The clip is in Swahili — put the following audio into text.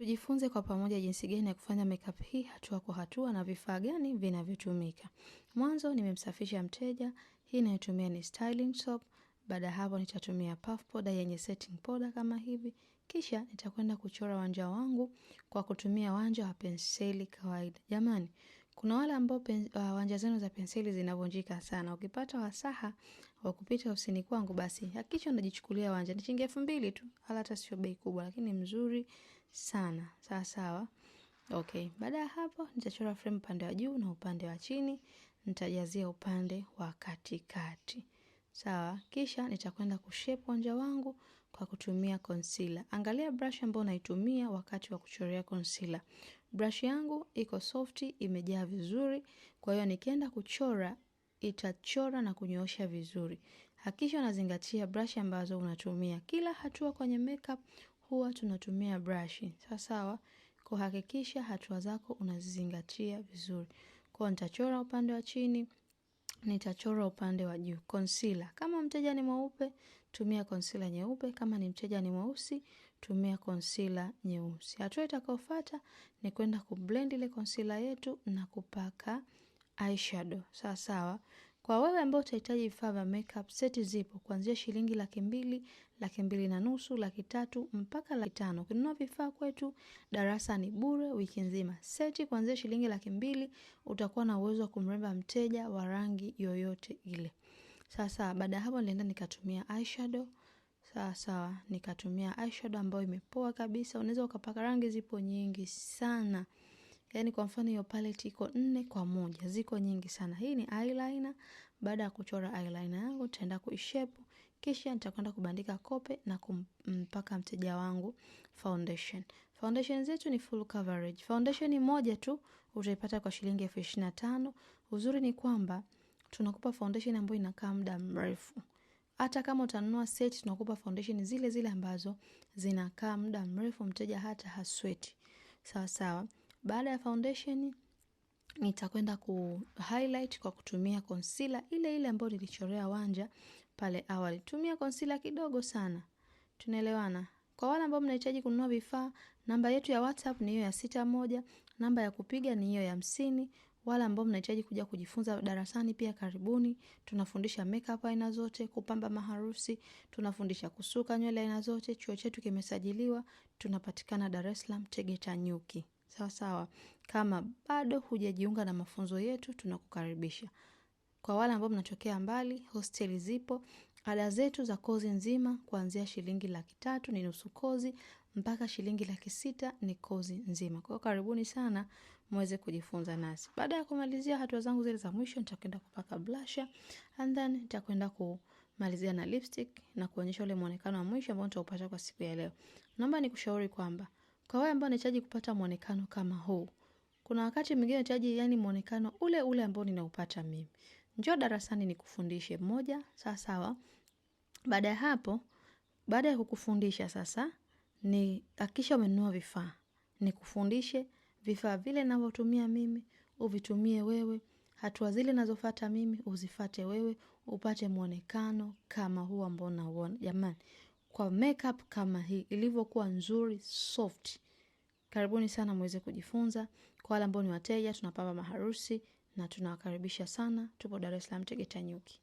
Tujifunze kwa pamoja jinsi gani ya kufanya makeup hii hatua kwa hatua na vifaa gani vinavyotumika. Mwanzo nimemsafisha mteja, hii nayotumia ni styling soap, baada ya hapo nitatumia puff powder yenye setting powder kama hivi, kisha nitakwenda kuchora wanja wangu kwa kutumia wanja wa penseli kawaida. Jamani, kuna wale ambao uh, wanja zenu za penseli zinavunjika sana. Ukipata wasaha wa kupita ofisini kwangu, basi hakikisha unajichukulia wanja ni shilingi elfu mbili tu, hata sio bei kubwa, lakini mzuri sana. Sawa sawa. Okay. Baada ya hapo nitachora frame upande wa juu na upande wa chini, nitajazia upande wa katikati. Sawa. Kisha nitakwenda kushape wanja wangu kwa kutumia concealer. Angalia brush ambayo naitumia wakati wa kuchorea concealer. Brush yangu iko soft, imejaa vizuri, kwa hiyo nikienda kuchora itachora na kunyoosha vizuri. hakisha unazingatia brush ambazo unatumia. Kila hatua kwenye makeup huwa tunatumia brushing. Sawasawa, kuhakikisha hatua zako unazizingatia vizuri. Kwa nitachora upande wa chini, nitachora upande wa juu. Concealer. Kama mteja ni mweupe, tumia concealer nyeupe. Kama ni mteja ni mweusi, tumia concealer nyeusi. Hatua itakayofuata ni kwenda kublend ile concealer yetu na kupaka eyeshadow. Sawasawa. Kwa wewe ambao utahitaji vifaa vya makeup, seti zipo kuanzia shilingi laki mbili, laki mbili na nusu, laki tatu mpaka laki tano. Kununua vifaa kwetu darasa ni bure wiki nzima. Seti kuanzia shilingi laki mbili utakuwa na uwezo wa kumremba mteja wa rangi yoyote ile. Sasa baada ya hapo nilienda nikatumia eyeshadow. sawa sawa, nikatumia eyeshadow ambayo imepoa kabisa. Unaweza ukapaka rangi, zipo nyingi sana yani kwa mfano hiyo palette iko nne kwa moja, ziko nyingi sana. Hii ni eyeliner. Baada ya kuchora eyeliner yangu nitaenda kuishape, kisha nitakwenda kubandika kope na kumpaka mteja wangu foundation. Foundation zetu ni full coverage. Foundation moja tu utaipata kwa shilingi elfu ishirini na tano. Uzuri ni kwamba tunakupa foundation ambayo inakaa muda mrefu. Hata kama utanunua set, tunakupa foundation zile zile ambazo zinakaa muda mrefu, mteja hata hasweti. Sawa sawa. Baada ya foundation nitakwenda ku highlight kwa kutumia concealer ile ile ambayo nilichorea wanja pale awali. Tumia concealer kidogo sana, tunaelewana. Kwa wale ambao mnahitaji kununua vifaa, namba yetu ya WhatsApp ni hiyo ya sita moja, namba ya kupiga ni hiyo ya hamsini. Wale ambao mnahitaji kuja kujifunza darasani pia karibuni. Tunafundisha makeup aina zote, kupamba maharusi, tunafundisha kusuka nywele aina zote. Chuo chetu kimesajiliwa, tunapatikana Dar es Salaam Tegeta Nyuki sawa sawa. Kama bado hujajiunga na mafunzo yetu, tunakukaribisha. Kwa wale ambao mnatokea mbali, hosteli zipo. Ada zetu za kozi nzima kuanzia shilingi laki tatu ni nusu kozi mpaka shilingi laki sita ni kozi nzima. kwao karibuni sana mweze kujifunza nasi. Baada ya kumalizia hatua zangu zile za mwisho, nitakwenda kupaka blasha and then nitakwenda kumalizia na lipstick na kuonyesha ule muonekano wa mwisho ambao nitaupata kwa siku ya leo. Naomba nikushauri kwamba kwa wale ambao wanahitaji kupata mwonekano kama huu, kuna wakati mwingine unahitaji yani mwonekano ule ule ambao ninaupata mimi. Njoo darasani nikufundishe moja, sawa sawa. Baada ya hapo, baada ya kukufundisha sasa, ni hakikisha umenunua vifaa. Nikufundishe vifaa vile ninavyotumia mimi, uvitumie wewe. Hatua zile nazofata mimi, uzifate wewe, upate mwonekano kama huu ambao nauona. Jamani, kwa makeup kama hii ilivyokuwa nzuri soft. Karibuni sana muweze kujifunza. Kwa wale ambao ni wateja, tunapamba maharusi na tunawakaribisha sana. Tupo Dar es Salaam Tegeta Nyuki.